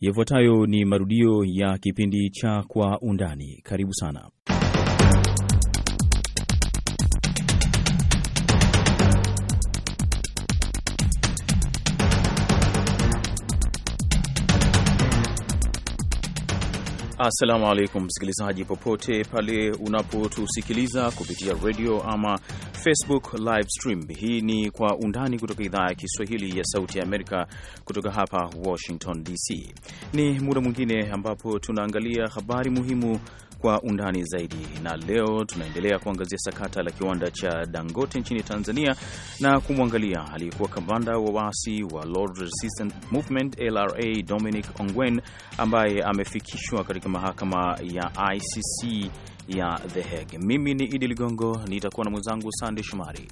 Yafuatayo ni marudio ya kipindi cha Kwa Undani. Karibu sana. Assalamu alaikum msikilizaji, popote pale unapotusikiliza kupitia radio ama Facebook live stream. Hii ni Kwa Undani kutoka idhaa ya Kiswahili ya Sauti ya Amerika, kutoka hapa Washington DC. Ni muda mwingine ambapo tunaangalia habari muhimu kwa undani zaidi. Na leo tunaendelea kuangazia sakata la kiwanda cha Dangote nchini Tanzania na kumwangalia aliyekuwa kamanda wa waasi wa Lord Resistance Movement LRA Dominic Ongwen ambaye amefikishwa katika mahakama ya ICC ya The Hague. Mimi ni Idi Ligongo, nitakuwa na mwenzangu sandey Shumari.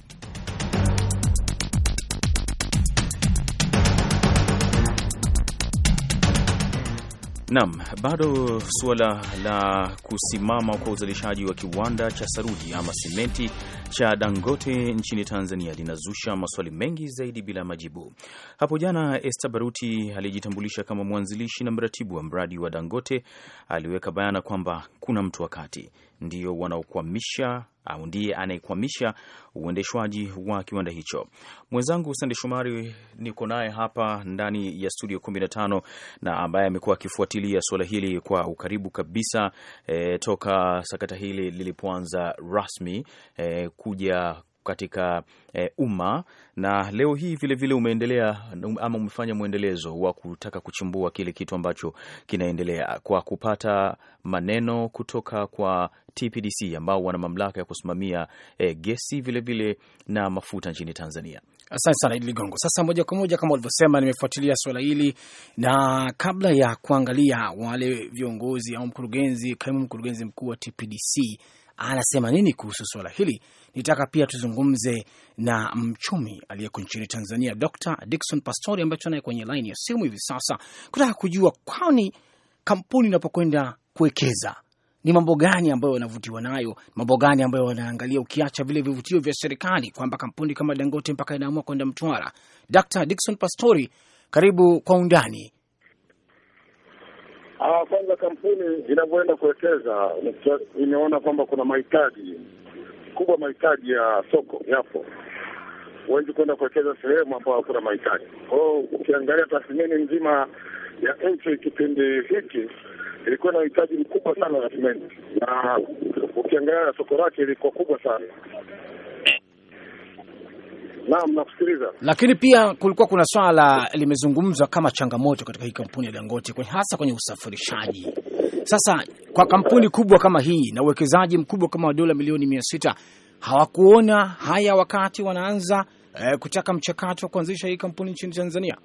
Naam, bado suala la kusimama kwa uzalishaji wa kiwanda cha saruji ama simenti cha Dangote nchini Tanzania linazusha maswali mengi zaidi bila majibu. Hapo jana Esther Baruti aliyejitambulisha kama mwanzilishi na mratibu wa mradi wa Dangote aliweka bayana kwamba kuna mtu wakati ndio wanaokwamisha au ndiye anayekwamisha uendeshwaji wa kiwanda hicho. Mwenzangu Sande Shomari niko naye hapa ndani ya studio 15 na ambaye amekuwa akifuatilia suala hili kwa ukaribu kabisa e, toka sakata hili lilipoanza rasmi e, kuja katika e, umma na leo hii vilevile vile umeendelea ama umefanya mwendelezo wa kutaka kuchimbua kile kitu ambacho kinaendelea kwa kupata maneno kutoka kwa TPDC ambao wana mamlaka ya kusimamia e, gesi vilevile vile na mafuta nchini Tanzania. Asante sana Idi Ligongo. Sasa moja kwa moja, kama ulivyosema, nimefuatilia swala hili, na kabla ya kuangalia wale viongozi au mkurugenzi, kaimu mkurugenzi mkuu wa TPDC anasema nini kuhusu suala hili nitaka pia tuzungumze na mchumi aliyeko nchini Tanzania, Dr dikson Pastori ambaye tunaye kwenye laini ya simu hivi sasa, kutaka kujua kwani kampuni inapokwenda kuwekeza ni mambo gani ambayo wanavutiwa nayo, mambo gani ambayo wanaangalia, ukiacha vile vivutio vya serikali kwamba kampuni kama Dangote mpaka inaamua kwenda Mtwara. Dr dikson Pastori, karibu kwa undani. Ah, kwanza kampuni inavyoenda kuwekeza imeona kwamba kuna mahitaji kubwa mahitaji ya soko yapo, huwezi kwenda kuwekeza sehemu ambayo hakuna mahitaji. kwao. ukiangalia tathmini nzima ya nchi kipindi hiki ilikuwa na uhitaji mkubwa sana wa simenti, na ukiangalia soko lake ilikuwa kubwa sana. Naam, nakusikiliza. Lakini pia kulikuwa kuna swala limezungumzwa kama changamoto katika hii kampuni ya Dangote, hasa kwenye usafirishaji sasa kwa kampuni kubwa kama hii na uwekezaji mkubwa kama wa dola milioni mia sita hawakuona haya wakati wanaanza eh, kutaka mchakato wa kuanzisha hii kampuni nchini Tanzania?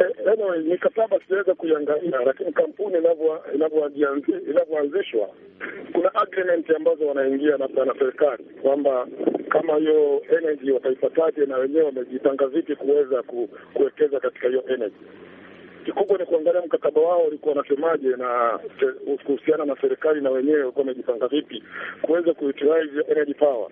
Eh, anyway, mikataba sijaweza kuiangalia, lakini kampuni inavyoanzishwa kuna agreement ambazo wanaingia na serikali kwamba kama hiyo energy wataipataje, na wenyewe wamejipanga vipi kuweza kuwekeza katika hiyo energy. Kikubwa ni kuangalia mkataba wao ulikuwa wanasemaje, na kuhusiana na serikali na wenyewe walikuwa wamejipanga vipi kuweza kuutilize energy power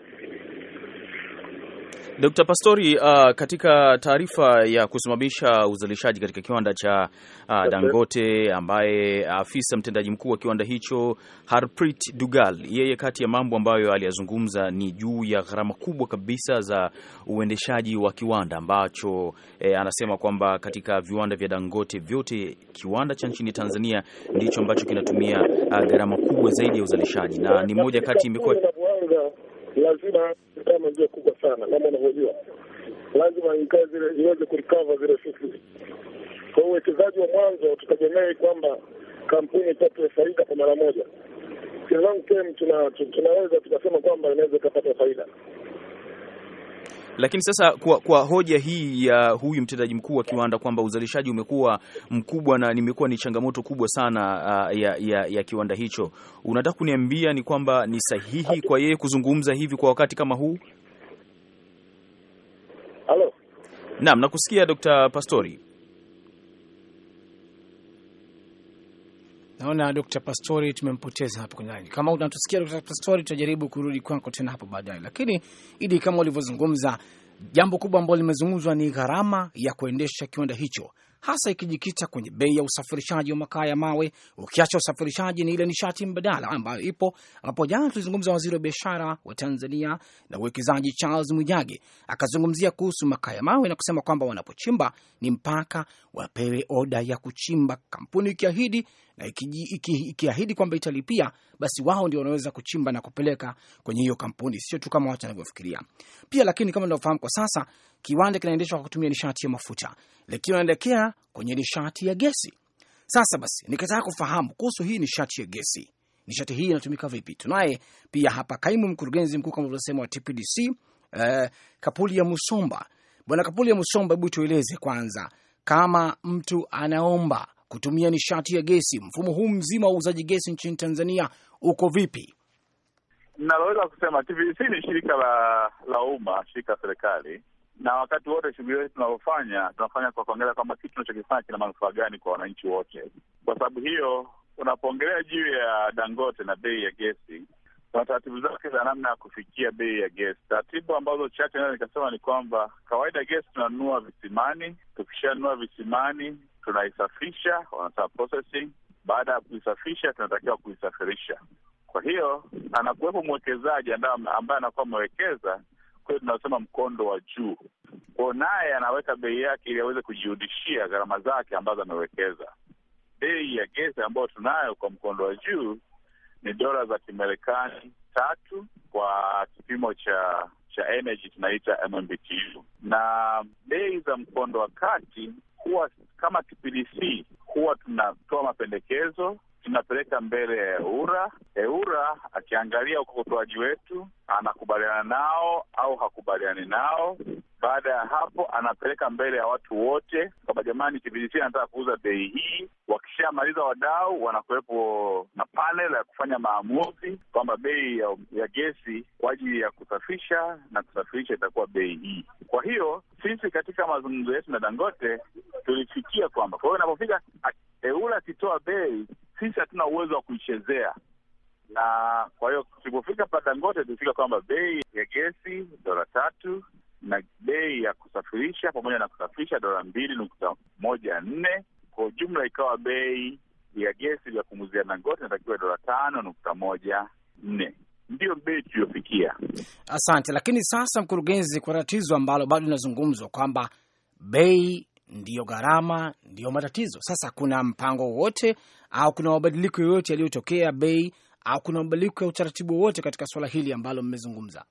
Dr. Pastori, uh, katika taarifa ya kusimamisha uzalishaji katika kiwanda cha uh, Dangote ambaye afisa mtendaji mkuu wa kiwanda hicho Harpreet Dugal, yeye kati ya mambo ambayo aliyazungumza ni juu ya gharama kubwa kabisa za uendeshaji wa kiwanda ambacho eh, anasema kwamba katika viwanda vya Dangote vyote kiwanda cha nchini Tanzania ndicho ambacho kinatumia uh, gharama kubwa zaidi ya uzalishaji na ni moja kati imekuwa lazima kama ndio kubwa sana, kama unavyojua, lazima ikae zile iweze kurikava zile shughuli. Kwa hiyo uwekezaji wa mwanzo tutegemei kwamba kampuni ipate faida kwa mara moja. Long term tunaweza tukasema kwamba inaweza ikapata faida lakini sasa kwa, kwa hoja hii ya uh, huyu mtendaji mkuu wa kiwanda kwamba uzalishaji umekuwa mkubwa na nimekuwa ni changamoto kubwa sana uh, ya, ya, ya kiwanda hicho, unataka kuniambia ni kwamba ni sahihi kwa yeye kuzungumza hivi kwa wakati kama huu? Halo, naam, nakusikia Dr. Pastori. naona Dr. Pastori tumempoteza hapo kwenye Kama unatusikia Dr. Pastori, tutajaribu kurudi kwako tena hapo baadaye, lakini Idi, kama ulivyozungumza, jambo kubwa ambalo limezungumzwa ni gharama ya kuendesha kiwanda hicho hasa ikijikita kwenye bei ya usafirishaji wa makaa ya mawe, ukiacha usafirishaji ni ile nishati mbadala ambayo ipo. Ambapo jana tulizungumza waziri wa biashara wa Tanzania na uwekezaji Charles Mwijage akazungumzia kuhusu makaa ya mawe na kusema kwamba wanapochimba ni mpaka wapewe oda ya kuchimba, kampuni ikiahidi na ikiahidi kwamba italipia, basi wao ndio wanaweza kuchimba na kupeleka kwenye hiyo kampuni, sio tu kama watu wanavyofikiria pia. Lakini kama tunavyofahamu kwa sasa kiwanda kinaendeshwa kwa kutumia nishati ya mafuta, lakini wanaelekea kwenye nishati ya gesi. Sasa basi, nikataka kufahamu kuhusu hii nishati ya gesi, nishati hii inatumika vipi? Tunaye pia hapa kaimu mkurugenzi mkuu kama ulivyosema wa TPDC eh, Kapuli ya Musomba. Bwana Kapuli ya Musomba, hebu tueleze kwanza, kama mtu anaomba kutumia nishati ya gesi, mfumo huu mzima wa uuzaji gesi nchini Tanzania uko vipi? Naloweza kusema TPDC ni shirika la la umma, shirika la serikali na wakati wote shughuli yote tunaofanya tunafanya kwa kuangalia kwamba kitu tunachokifanya kina manufaa gani kwa wananchi wote. Kwa sababu hiyo, unapoongelea juu ya Dangote na bei ya gesi, kuna taratibu zake za namna ya kufikia bei ya gesi. Taratibu ambazo chache nazo nikasema ni kwamba kawaida gesi tunanunua visimani, tukishanunua visimani tunaisafisha, wanasema processing. Baada ya kuisafisha, tunatakiwa kuisafirisha. Kwa hiyo anakuwepo mwekezaji ambaye anakuwa amewekeza kwetu tunasema mkondo wa juu, kwao naye anaweka bei yake ili aweze kujirudishia gharama zake ambazo amewekeza. Bei ya gesi ambayo tunayo kwa mkondo wa juu ni dola za Kimarekani tatu kwa kipimo cha cha energy tunaita MMBTU, na bei za mkondo wa kati huwa kama kipindi huwa tunatoa mapendekezo tunapeleka mbele ya eura eura akiangalia ukokotoaji wetu anakubaliana nao au hakubaliani nao. Baada ya hapo, anapeleka mbele ya watu wote kwamba jamani, kipindi anataka kuuza bei hii. Wakishamaliza wadau wanakuwepo na panel ya kufanya maamuzi kwamba bei ya, ya gesi kwa ajili ya kusafisha na kusafirisha itakuwa bei hii. Kwa hiyo sisi katika mazungumzo yetu na Dangote tulifikia kwamba, kwa hiyo inapofika EWURA akitoa bei sisi hatuna uwezo wa kuichezea, na kwa hiyo tulipofika padangote tufika tulifika kwamba bei ya gesi dola tatu na bei ya kusafirisha pamoja na kusafirisha dola mbili nukta moja nne kwa ujumla ikawa bei ya gesi ya kumuzia Dangote inatakiwa dola tano nukta moja nne ndiyo bei tuliyofikia. Asante. Lakini sasa, mkurugenzi, kwa tatizo ambalo bado linazungumzwa kwamba bei ndiyo gharama ndiyo matatizo. Sasa kuna mpango wowote au kuna mabadiliko yoyote yaliyotokea bei au kuna mabadiliko ya utaratibu wowote katika suala hili ambalo mmezungumza?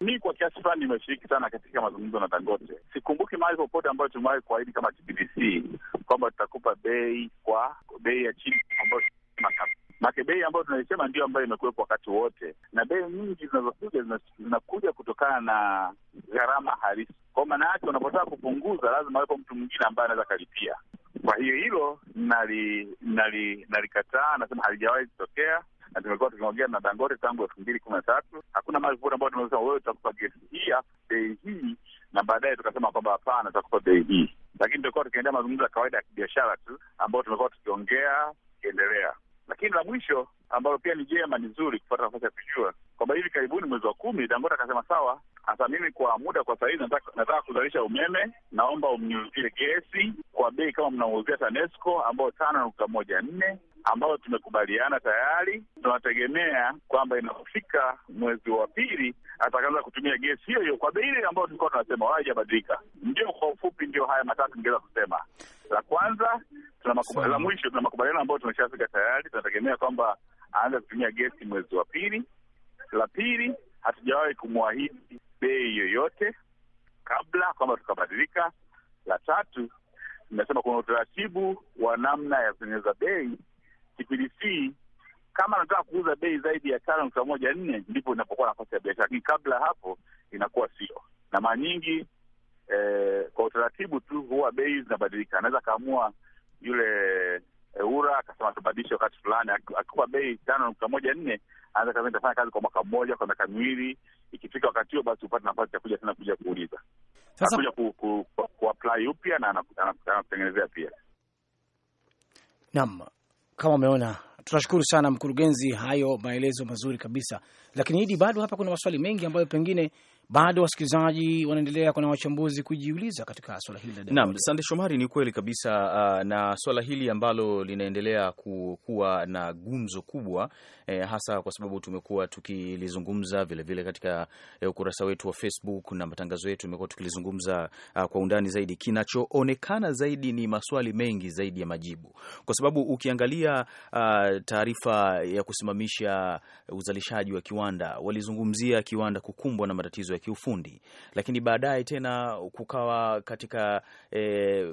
Mi kwa kiasi fulani nimeshiriki sana katika mazungumzo na Dangote. Sikumbuki mahali popote ambayo tumewahi kuahidi kama TPDC kwamba tutakupa bei kwa bei ya chini ambayo make bei ambayo tunaisema ndio ambayo imekuwepo wakati wote, na bei nyingi zinazokuja zinakuja kutokana na gharama halisi. Kwa maana yake, unapotaka kupunguza, lazima wepo mtu mwingine ambaye anaweza akalipia. Kwa hiyo hilo nalikataa, nasema halijawahi kutokea na tumekuwa tukiongea na Dangote tangu elfu mbili kumi na tatu. Hakuna mali popote ambayo tumesema wewe tutakupa gesi hii bei hii, na baadaye tukasema kwamba hapana, tutakupa bei hii, lakini tumekuwa tukiendea mazungumzo ya kawaida ya kibiashara tu ambayo tumekuwa tukiongea tukiendelea lakini la mwisho ambalo pia ni jema, ni zuri kupata nafasi ya kujua kwamba hivi karibuni mwezi wa kumi Dangote akasema sawa, hasa mimi kwa muda, kwa sahizi nataka, nataka kuzalisha umeme, naomba umnyuzie gesi kwa bei kama mnauzia TANESCO ambayo tano nukta moja nne ambayo tumekubaliana tayari. Tunategemea kwamba inapofika mwezi wa pili atakaanza kutumia gesi hiyo hiyo kwa bei ile ambayo tulikuwa tunasema wala haijabadilika. Ndio, kwa ufupi, ndio haya matatu ningeweza kusema. La kwanza la mwisho, tuna makubaliano ambayo tumeshafika tayari. Tunategemea kwamba aanze kutumia gesi mwezi wa pili. La pili, hatujawahi kumwahidi bei yoyote kabla kwamba tukabadilika. La tatu, nimesema kuna utaratibu wa namna ya kutengeneza bei. TPDC kama anataka kuuza bei zaidi ya tano nukta moja nne ndipo inapokuwa nafasi ya biashara, lakini kabla ya hapo inakuwa sio. Na mara nyingi eh, kwa utaratibu tu huwa bei zinabadilika, anaweza akaamua yule Eura eh, akasema atubadilishe wakati fulani, akikuwa bei tano nukta moja nne anaweza kaza nitafanya kazi kwa mwaka mmoja, kwa miaka miwili. Ikifika wakati huo, basi upate nafasi ya kuja tena kuja kuuliza, ku kuapply upya na anakutengenezea pia. Naam, kama umeona Tunashukuru sana mkurugenzi, hayo maelezo mazuri kabisa. Lakini hidi bado hapa kuna maswali mengi ambayo pengine bado wasikilizaji wanaendelea, kuna wachambuzi kujiuliza katika swala hili la naam. Sande Shomari, ni kweli kabisa uh, na swala hili ambalo linaendelea kuwa na gumzo kubwa eh, hasa kwa sababu tumekuwa tukilizungumza vilevile katika eh, ukurasa wetu wa Facebook na matangazo yetu tumekuwa tukilizungumza uh, kwa undani zaidi. Kinachoonekana zaidi ni maswali mengi zaidi ya majibu, kwa sababu ukiangalia uh, taarifa ya kusimamisha uzalishaji wa kiwanda, walizungumzia kiwanda kukumbwa na matatizo ya kiufundi, lakini baadaye tena kukawa katika e,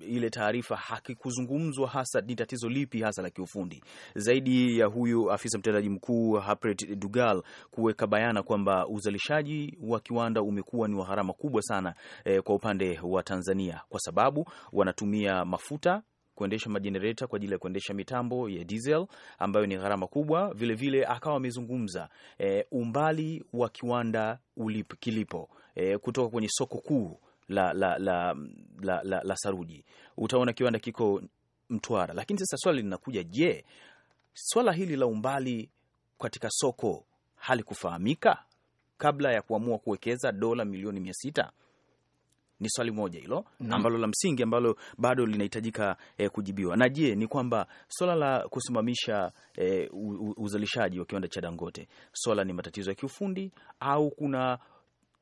ile taarifa hakikuzungumzwa hasa ni tatizo lipi hasa la kiufundi zaidi ya huyu afisa mtendaji mkuu Harpreet Dugal kuweka bayana kwamba uzalishaji wa kiwanda umekuwa ni wa gharama kubwa sana e, kwa upande wa Tanzania kwa sababu wanatumia mafuta kuendesha majenereta kwa ajili ya kuendesha mitambo ya diesel ambayo ni gharama kubwa. Vilevile vile, akawa amezungumza e, umbali wa kiwanda ulip, kilipo e, kutoka kwenye soko kuu la, la, la, la, la, la saruji. Utaona kiwanda kiko Mtwara, lakini sasa swala linakuja, je, swala hili la umbali katika soko halikufahamika kabla ya kuamua kuwekeza dola milioni mia sita ni swali moja hilo mm ambalo la msingi ambalo bado linahitajika eh, kujibiwa. Na je, ni kwamba swala la kusimamisha eh, uzalishaji wa kiwanda cha Dangote swala ni matatizo ya kiufundi au kuna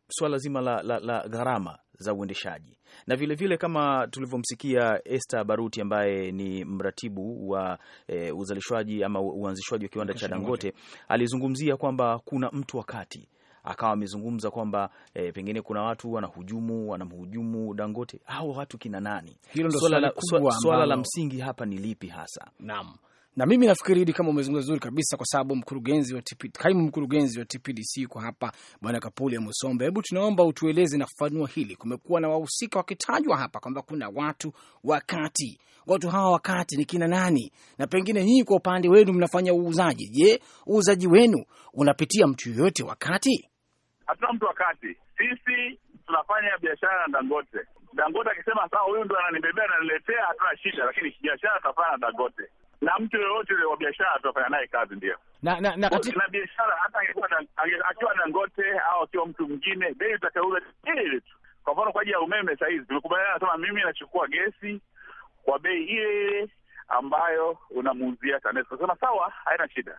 swala zima la, la, la gharama za uendeshaji na vilevile vile kama tulivyomsikia Esther Baruti ambaye ni mratibu wa e, uzalishwaji ama uanzishwaji wa kiwanda cha Dangote, alizungumzia kwamba kuna mtu wakati akawa amezungumza kwamba e, pengine kuna watu wanahujumu wanamhujumu Dangote. Hao watu kina nani? Hilo ndo swala la, swala la msingi hapa ni lipi hasa? Naam na mimi nafikiri hili kama umezungumza vizuri kabisa, kwa sababu mkurugenzi wa TPD, kaimu mkurugenzi wa TPDC kwa hapa bwana Kapuli Musombe, hebu tunaomba utueleze na kufanua hili. Kumekuwa na wahusika wakitajwa hapa kwamba kuna watu wakati, watu hawa wakati ni kina nani? Na pengine nyinyi kwa upande wenu mnafanya uuzaji, je, uuzaji wenu unapitia mtu yoyote wakati? hatuna mtu wa kati. Sisi tunafanya biashara na Dangote. Dangote akisema sawa, huyu ndo ananibebea ananiletea, hatuna shida, lakini biashara tunafanya na Dangote na mtu yoyote wa biashara tunafanya naye kazi, ndio na na na katika biashara. Hata akiwa Dangote au akiwa mtu mwingine, bei utakauza ile ile tu. Kwa mfano, kwa ajili ya umeme, saa hizi tumekubaliana, nasema mimi nachukua gesi kwa bei ile ile ambayo unamuuzia TANESCO. Sema sawa, haina shida.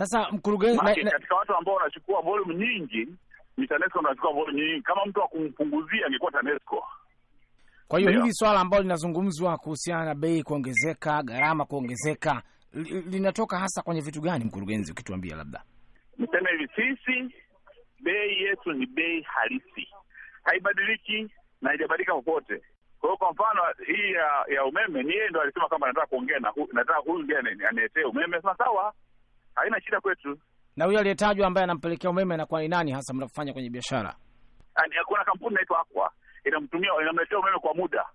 Sasa mkurugenzi, katika watu ambao wanachukua volume nyingi ni TANESCO, anachukua volume nyingi. Kama mtu akumpunguzia angekuwa TANESCO. Kwa hiyo hili swala ambalo linazungumzwa kuhusiana na bei kuongezeka, gharama kuongezeka, linatoka hasa kwenye vitu gani, mkurugenzi, ukituambia? Labda niseme hivi, sisi bei yetu ni bei halisi, haibadiliki na haijabadilika popote. Kwa hiyo kwa mfano hii ya, ya umeme ni yeye ndo alisema kama nataka kuongea nataka huyu ndiye aniletee umeme, sawa haina shida kwetu. Na huyo aliyetajwa ambaye anampelekea umeme anakuwa ni nani hasa mnafanya kwenye biashara? Ah, Kuna kampuni inaitwa Aqua inamtumia inamletea umeme kwa muda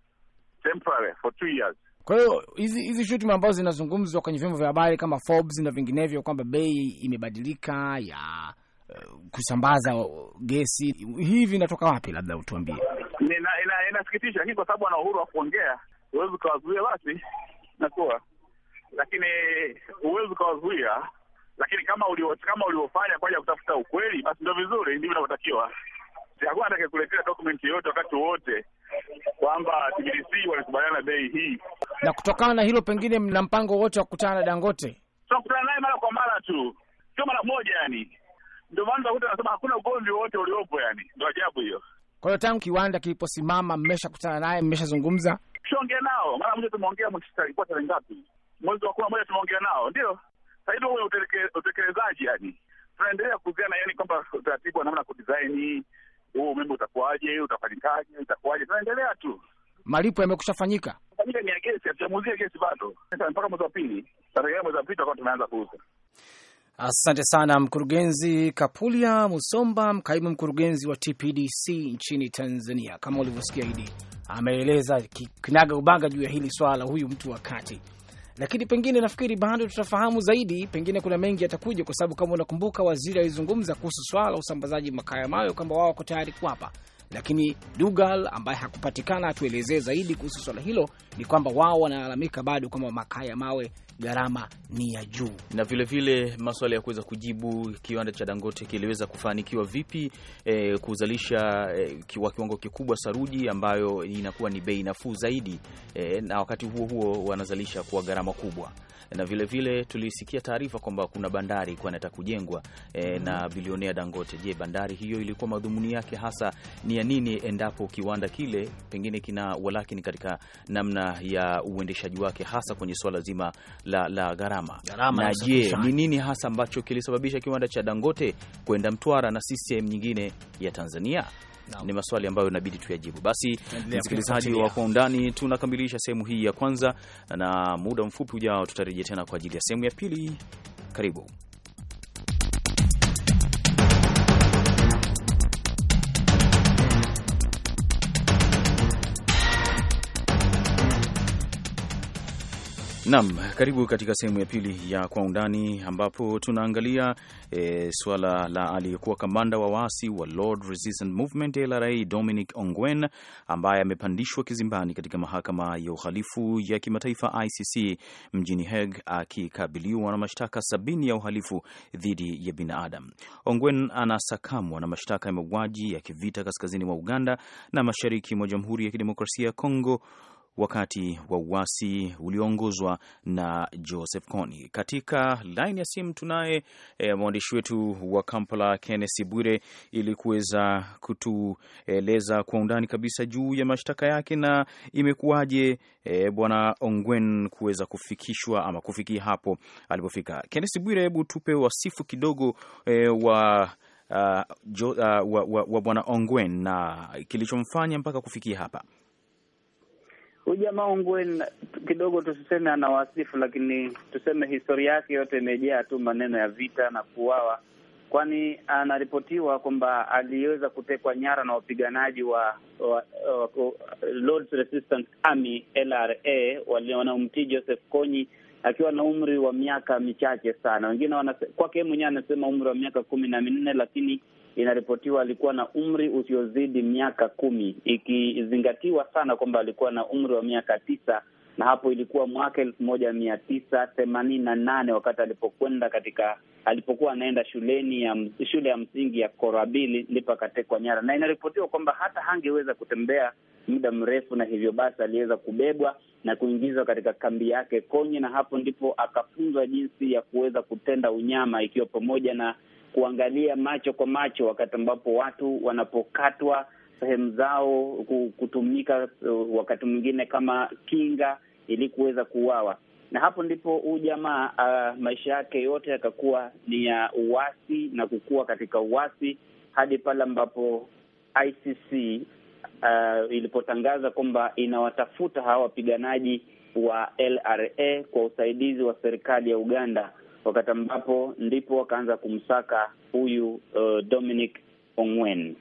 temporary for two years. Kwa hiyo hizi hizi shutuma ambazo zinazungumzwa kwenye vyombo vya habari kama Forbes na vinginevyo kwamba bei imebadilika ya uh, kusambaza gesi hivi inatoka wapi? Labda utuambie. Inasikitisha, ina, lakini kwa sababu ana uhuru wa kuongea, huwezi ukawazuia basi nakuwa, lakini huwezi ukawazuia lakini kama ulio, kama uliofanya kwa ajili ya kutafuta ukweli, basi ndio vizuri, ndivyo inavyotakiwa. Hakuna atakaye kuletea dokumenti yoyote wakati wowote kwamba TBC walikubaliana bei hii. Na kutokana na hilo, pengine mna mpango wote wa kukutana na Dangote? Tunakutana naye mara kwa mara tu, sio mara moja yani. Ndio maana tunakuta anasema hakuna ugomvi wowote uliopo yani, ndio ajabu hiyo. Kwa hiyo tangu kiwanda kiliposimama, mmeshakutana naye, mmeshazungumza? Tushaongea nao mara moja, tumeongea mwezi, alikuwa tarehe ngapi? Mwezi wa kumi na moja tumeongea nao, ndio saidi huwe utekelezaji yani tunaendelea kuuziana, yani kwamba utaratibu wa namna kudesign huu umeme utakuaje utafanyikaje, itakuwaje, tunaendelea tu. Malipo yamekusha fanyika fanyika, ni ya gesi, hatujamuuzia gesi bado, mpaka mwezi wa pili, tarehe mwezi wa pili tutakuwa tumeanza kuuza. Asante sana Mkurugenzi Kapulia Musomba, mkaimu mkurugenzi wa TPDC nchini Tanzania. Kama ulivyosikia Idi ameeleza kinaga ubaga juu ya hili swala, huyu mtu wa kati lakini pengine nafikiri bado tutafahamu zaidi, pengine kuna mengi yatakuja, kwa sababu kama unakumbuka, waziri alizungumza kuhusu swala la usambazaji makaa ya mawe kwamba wao wako tayari kuwapa, lakini Dugal ambaye hakupatikana atuelezee zaidi kuhusu swala hilo, ni kwamba wao wanalalamika bado kwamba makaa ya mawe gharama ni ya juu, na vilevile maswala ya kuweza kujibu kiwanda cha Dangote kiliweza kufanikiwa vipi eh, kuzalisha eh, kwa kiwango kikubwa saruji ambayo inakuwa ni bei nafuu zaidi eh, na wakati huo huo wanazalisha kwa gharama kubwa na vilevile tulisikia taarifa kwamba kuna bandari ilikuwa inataka kujengwa e, na bilionea Dangote. Je, bandari hiyo ilikuwa madhumuni yake hasa ni ya nini, endapo kiwanda kile pengine kina walakini katika namna ya uendeshaji wake, hasa kwenye swala zima la, la gharama? Na je ni nini hasa ambacho kilisababisha kiwanda cha Dangote kwenda Mtwara na si sehemu nyingine ya Tanzania? ni maswali ambayo inabidi tuyajibu. Basi msikilizaji wa kwa undani, tunakamilisha sehemu hii ya kwanza, na muda mfupi ujao tutarejea tena kwa ajili ya sehemu ya pili. Karibu. Naam, karibu katika sehemu ya pili ya Kwa Undani, ambapo tunaangalia e, suala la aliyekuwa kamanda wa waasi wa Lord Resistance Movement eh, LRA Dominic Ongwen ambaye amepandishwa kizimbani katika mahakama ya uhalifu ya kimataifa ICC mjini Hague akikabiliwa na mashtaka sabini ya uhalifu dhidi ya binadamu. Ongwen anasakamwa na mashtaka ya mauaji ya kivita kaskazini mwa Uganda na mashariki mwa Jamhuri ya Kidemokrasia ya Kongo wakati wa uasi ulioongozwa na Joseph Kony. Katika laini ya simu tunaye e, mwandishi wetu wa Kampala kennesi Bwire ili kuweza kutueleza kwa undani kabisa juu ya mashtaka yake na imekuwaje e, bwana Ongwen kuweza kufikishwa ama kufikia hapo alipofika. kennesi Bwire, hebu tupe wasifu kidogo e, wa Uh, jo, uh, wa, wa, wa Bwana Ongwen na kilichomfanya mpaka kufikia hapa. Huyu jamaa Ongwen kidogo, tusiseme ana wasifu, lakini tuseme historia yake yote imejaa tu maneno ya vita na kuuawa, kwani anaripotiwa kwamba aliweza kutekwa nyara na wapiganaji wa, wa, wa, wa Lord's Resistance Army LRA wanaomtii Joseph Kony akiwa na umri wa miaka michache sana. Wengine kwake mwenyewe anasema umri wa miaka kumi na minne, lakini inaripotiwa alikuwa na umri usiozidi miaka kumi, ikizingatiwa sana kwamba alikuwa na umri wa miaka tisa na hapo ilikuwa mwaka elfu moja mia tisa themanini na nane wakati alipokwenda katika alipokuwa anaenda shuleni ya shule ya msingi ya Korabili ndipo akatekwa nyara, na inaripotiwa kwamba hata hangeweza kutembea muda mrefu, na hivyo basi aliweza kubebwa na kuingizwa katika kambi yake Konye, na hapo ndipo akafunzwa jinsi ya kuweza kutenda unyama, ikiwa pamoja na kuangalia macho kwa macho wakati ambapo watu wanapokatwa sehemu zao, kutumika uh, wakati mwingine kama kinga ili kuweza kuuawa. Na hapo ndipo huu jamaa uh, maisha yake yote yakakuwa ni ya uwasi uasi na kukua katika uasi hadi pale ambapo ICC uh, ilipotangaza kwamba inawatafuta hawa wapiganaji wa LRA kwa usaidizi wa serikali ya Uganda wakati ambapo ndipo wakaanza kumsaka huyu uh, Dominic Ongwen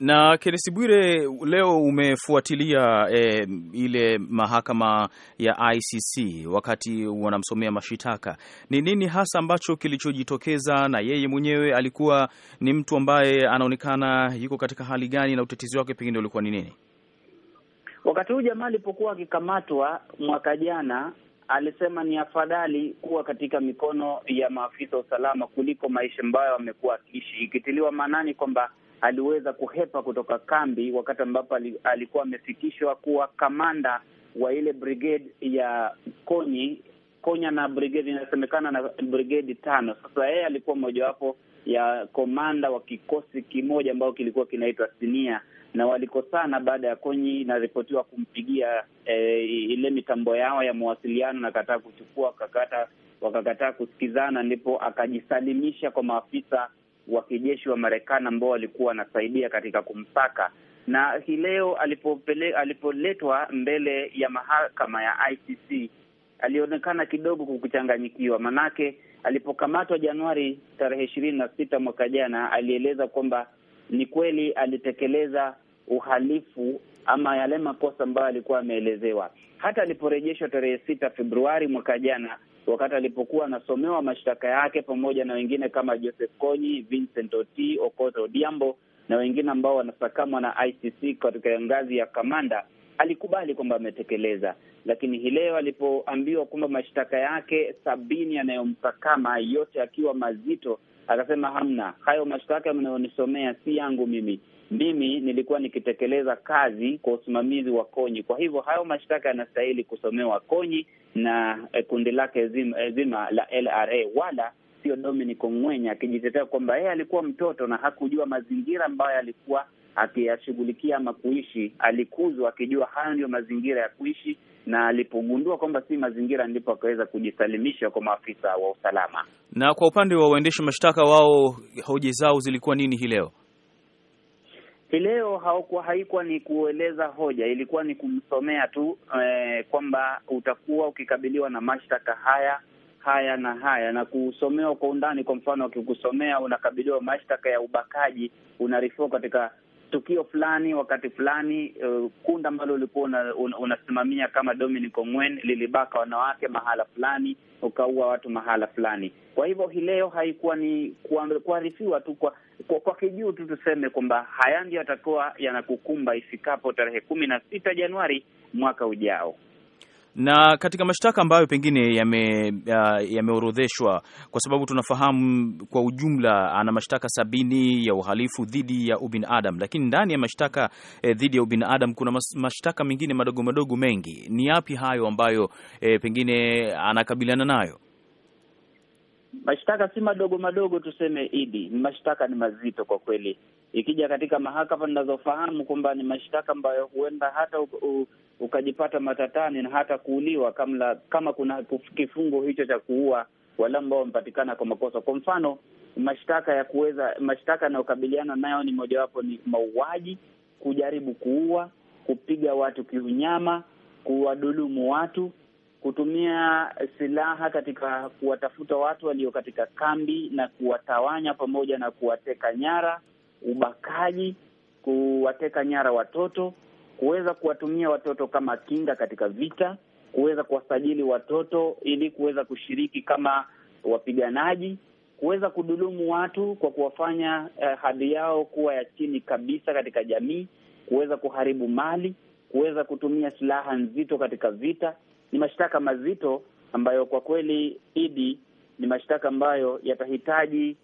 na Kennesi Bwire, leo umefuatilia e, ile mahakama ya ICC wakati wanamsomea mashitaka. Ni nini hasa ambacho kilichojitokeza? Na yeye mwenyewe alikuwa ni mtu ambaye anaonekana yuko katika hali gani, na utetezi wake pengine ulikuwa ni nini? Wakati huu jamaa alipokuwa akikamatwa mwaka jana, alisema ni afadhali kuwa katika mikono ya maafisa wa usalama kuliko maisha ambayo amekuwa akiishi, ikitiliwa maanani kwamba aliweza kuhepa kutoka kambi wakati ambapo alikuwa amefikishwa kuwa kamanda wa ile brigade ya Konyi Konya na brigade inasemekana na brigade tano. Sasa yeye alikuwa mojawapo ya komanda wa kikosi kimoja ambao kilikuwa kinaitwa Sinia, na walikosana baada ya Konyi inaripotiwa kumpigia e, ile mitambo yao ya mawasiliano na kataa kuchukua kakata, wakakataa kusikizana, ndipo akajisalimisha kwa maafisa wa kijeshi wa Marekani ambao walikuwa wanasaidia katika kumsaka na hii leo alipoletwa mbele ya mahakama ya ICC alionekana kidogo kukuchanganyikiwa, manake alipokamatwa Januari tarehe ishirini na sita mwaka jana, alieleza kwamba ni kweli alitekeleza uhalifu ama yale makosa ambayo alikuwa ameelezewa. Hata aliporejeshwa tarehe sita Februari mwaka jana, wakati alipokuwa anasomewa mashtaka yake pamoja na wengine kama Joseph Konyi, Vincent Oti, Okoth Odiambo na wengine ambao wanasakamwa na ICC katika ngazi ya kamanda, alikubali kwamba ametekeleza, lakini hii leo alipoambiwa kwamba mashtaka yake sabini yanayomkakama yote akiwa mazito, akasema hamna, hayo mashtaka mnayonisomea si yangu mimi. Mimi nilikuwa nikitekeleza kazi kwa usimamizi wa Konyi, kwa hivyo hayo mashtaka yanastahili kusomewa Konyi na eh, kundi lake zima, eh, zima la LRA, wala sio Dominic Ongwenya akijitetea kwamba yeye alikuwa mtoto na hakujua mazingira ambayo alikuwa akiyashughulikia ama kuishi, alikuzwa akijua haya ndiyo mazingira ya kuishi, na alipogundua kwamba si mazingira, ndipo akaweza kujisalimisha kwa maafisa wa usalama. Na kwa upande wa waendeshi mashtaka, wao hoja zao zilikuwa nini hii leo? Hii leo haikuwa haikuwa ni kueleza hoja, ilikuwa ni kumsomea tu eh, kwamba utakuwa ukikabiliwa na mashtaka haya haya na haya na kusomewa kwa undani. Kwa mfano, wakikusomea unakabiliwa mashtaka ya ubakaji, unarifiwa katika tukio fulani wakati fulani, uh, eh, kunda ambalo ulikuwa una, una, unasimamia kama Dominic Ongwen lilibaka wanawake mahala fulani, ukaua watu mahala fulani. Kwa hivyo hii leo haikuwa ni kuarifiwa tu kwa kwa, kwa kijuu tu, tuseme kwamba haya ndio yatakuwa yanakukumba ifikapo tarehe kumi na sita Januari mwaka ujao na katika mashtaka ambayo pengine yameorodheshwa yame, kwa sababu tunafahamu kwa ujumla ana mashtaka sabini ya uhalifu dhidi ya ubinadamu, lakini ndani ya mashtaka eh, dhidi ya ubinadamu kuna mashtaka mengine madogo madogo mengi. Ni yapi hayo ambayo eh, pengine anakabiliana nayo? Mashtaka si madogo madogo, tuseme idi, mashtaka ni mazito kwa kweli, Ikija katika mahakama ninazofahamu kwamba ni mashtaka ambayo huenda hata u, u, ukajipata matatani na hata kuuliwa kamla, kama kuna kifungo hicho cha kuua wale ambao wamepatikana kwa makosa. Kwa mfano mashtaka ya kuweza mashtaka yanayokabiliana nayo ni mojawapo ni mauaji, kujaribu kuua, kupiga watu kiunyama, kuwadhulumu watu kutumia silaha katika kuwatafuta watu walio katika kambi na kuwatawanya pamoja na kuwateka nyara, ubakaji, kuwateka nyara watoto, kuweza kuwatumia watoto kama kinga katika vita, kuweza kuwasajili watoto ili kuweza kushiriki kama wapiganaji, kuweza kudhulumu watu kwa kuwafanya eh, hadhi yao kuwa ya chini kabisa katika jamii, kuweza kuharibu mali, kuweza kutumia silaha nzito katika vita. Ni mashtaka mazito ambayo kwa kweli idi, ni mashtaka ambayo yatahitaji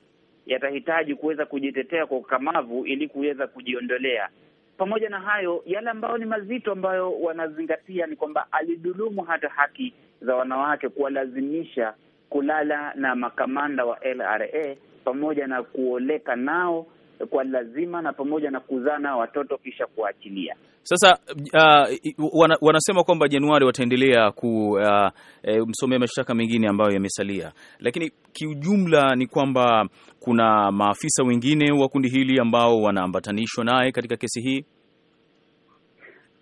yatahitaji kuweza kujitetea kwa ukamavu ili kuweza kujiondolea. Pamoja na hayo, yale ambayo ni mazito ambayo wanazingatia ni kwamba alidhulumu hata haki za wanawake, kuwalazimisha kulala na makamanda wa LRA pamoja na kuoleka nao kwa lazima na pamoja na kuzaa watoto kisha kuachilia. Sasa uh, wana, wanasema kwamba Januari wataendelea kumsomea uh, eh, mashtaka mengine ambayo yamesalia, lakini kiujumla ni kwamba kuna maafisa wengine wa kundi hili ambao wanaambatanishwa naye katika kesi hii.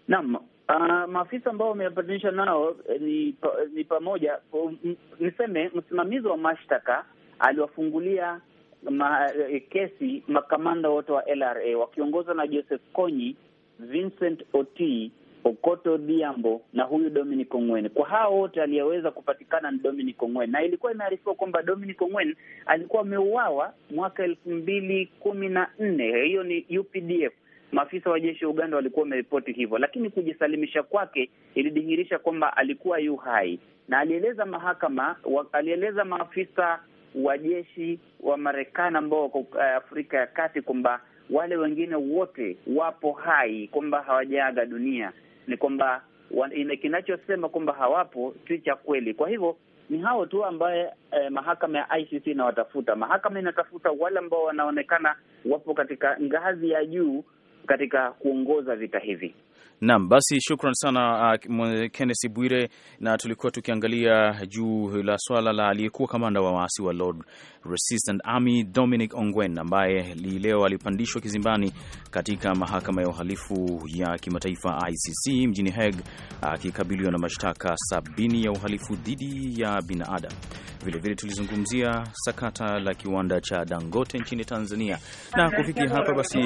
Naam. Uh, maafisa ambao wameambatanishwa nao eh, ni, ni pamoja um, niseme msimamizi wa mashtaka aliwafungulia ma, eh, kesi makamanda wote wa LRA wakiongozwa na Joseph Konyi, Vincent oti Okoto Diambo na huyu Dominic Ongwen. Kwa hao wote aliyeweza kupatikana ni Dominic Ongwen, na ilikuwa imearifiwa kwamba Dominic Ongwen alikuwa ameuawa mwaka elfu mbili kumi na nne. Hiyo ni UPDF, maafisa wa jeshi wa Uganda walikuwa wameripoti hivyo, lakini kujisalimisha kwake ilidhihirisha kwamba alikuwa yu hai, na alieleza mahakama, alieleza maafisa wajeshi wa Marekani ambao wako eh, Afrika ya Kati kwamba wale wengine wote wapo hai, kwamba hawajaaga dunia, ni kwamba kinachosema kwamba hawapo si cha kweli. Kwa hivyo ni hao tu ambaye eh, mahakama ya ICC inawatafuta. Mahakama inatafuta wale ambao wanaonekana wapo katika ngazi ya juu katika kuongoza vita hivi. Naam, basi shukran sana uh, Kennes Bwire, na tulikuwa tukiangalia juu la swala la aliyekuwa kamanda wa waasi wa Lord Resistant Army Dominic Ongwen ambaye leo alipandishwa kizimbani katika mahakama ya uhalifu ya kimataifa ICC mjini Hague akikabiliwa na mashtaka sabini ya uhalifu dhidi ya binadamu. Vilevile tulizungumzia sakata la kiwanda cha Dangote nchini Tanzania, na kufikia hapa basi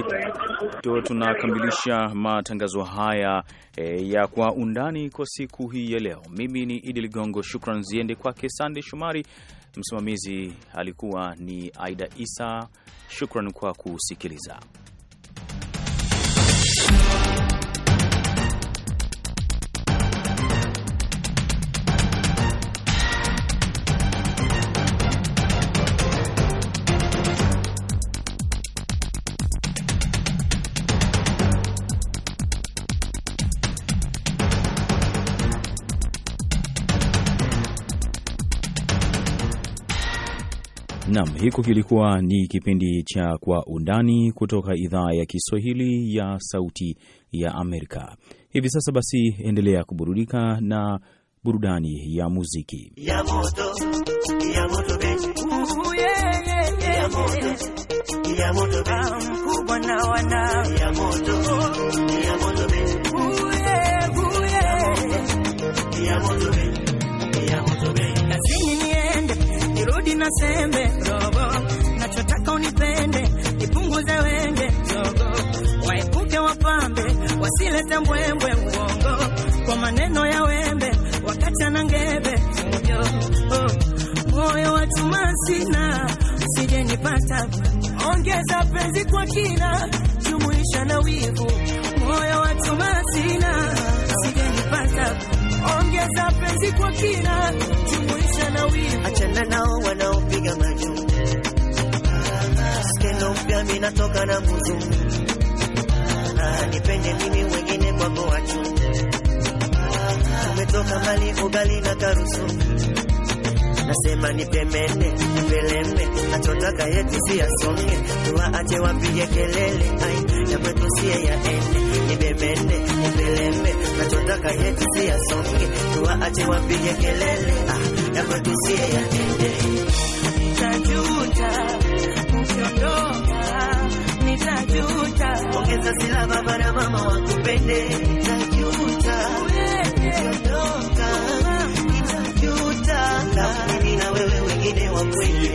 tunakamilisha matangazo haya e, ya kwa undani kwa siku hii ya leo. Mimi ni Idi Ligongo, shukran ziende kwake Sande Shumari Msimamizi alikuwa ni Aida Isa. Shukran kwa kusikiliza. Nam, hiko kilikuwa ni kipindi cha Kwa Undani kutoka idhaa ya Kiswahili ya Sauti ya Amerika. Hivi sasa basi, endelea kuburudika na burudani ya muziki ya moto, ya moto niende nirudi na sembe kuleta mbwembwe uongo kwa maneno ya wembe wakati ana ngebe fujo oh. Moyo wa chuma sina, usije nipata. Ongeza penzi kwa kina, jumuisha na wivu. Moyo wa chuma sina, usije nipata. Ongeza penzi kwa kina, jumuisha na wivu. Achana nao wanaopiga majuu, skendo mpya minatoka na muzungu, ah, nipende mimi mwenye mwako wa chumvi. Umetoka mbali ugali na karusuni, nasema ni pemene peleme, achotaka yeti si asonge, tuwaache wapige kelele, ai ya kwetu sie ya ende ni pemene peleme, achotaka yeti si asonge, tuwaache wapige kelele, ah ya kwetu sie ya ende tajuta najuta, ongeza silaba bara mama wakupende, najuta siondoka, najuta mimi na wewe wengine wakwende,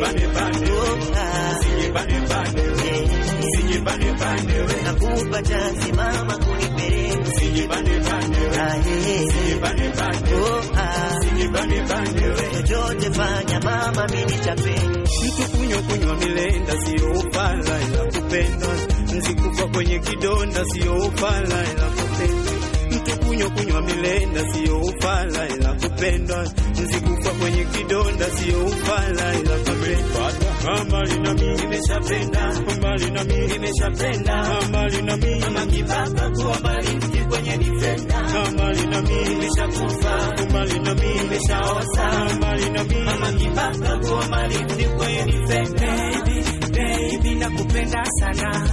nakupa chansi mama chochote fanya mama, mimi nichape mtu kunywa kunywa milenda, sio upala ila kupenda kwenye kidonda, sio upala ila kupenda. Mtu kunywa kunywa milenda, sio upala ila kupenda. Mzikufa kwenye kidonda, sio upala ila kupenda. Mama lina mimi nimeshapenda, mama lina mimi nimeshapenda, mama lina mimi mama kibaba kwa bali mti kwenye difenda, mama lina mimi nimeshakufa, mama lina mimi nimeshaosa, mama lina mimi mama kibaba kwa bali mti kwenye difenda, baby baby nakupenda sana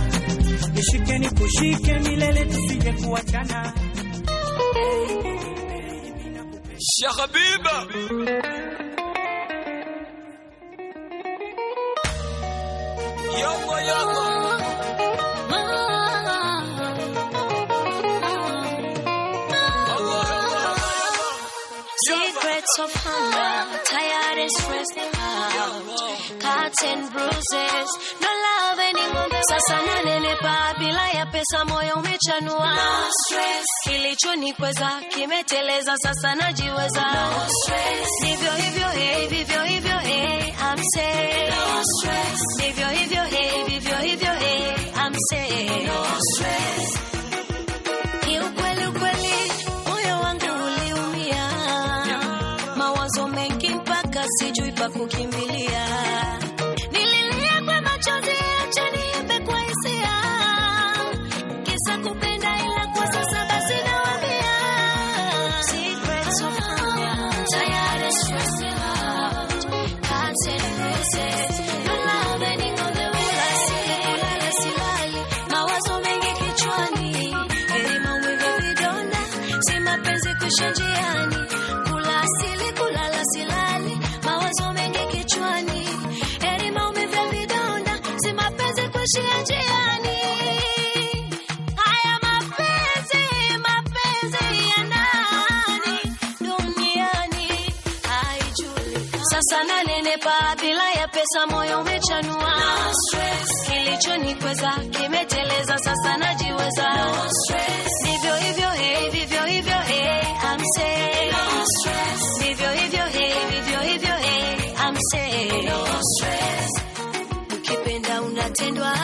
nishike nikushike milele tusije kuachana. Secrets of hunger, tired and stressed out. Cuts and bruises, no love anymore. Sasa Nimehepa bila ya pesa, moyo umechanua no Kilichonikweza kimeteleza, sasa najiweza no Ndivyo hivyo hey, vivyo hivyo hey, I'm hivyo hey, vivyo hivyo hey, I'm moyo uliumia, mawazo mengi mpaka kukimbilia sana nenepa, bila ya pesa moyo umechanua. kilicho nikweza kimeteleza, sasa najiweza. Vivyo hivyo hey, vivyo hivyo hey, Vivyo hivyo hey, vivyo hivyo hey, I'm Ukipenda unatendwa,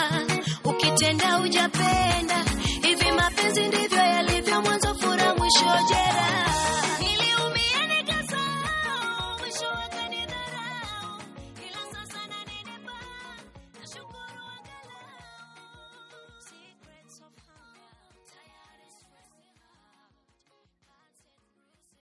ukitenda ujapenda. Hivi mapenzi ndivyo yalivyo, mwanzo fura mwisho jeraha.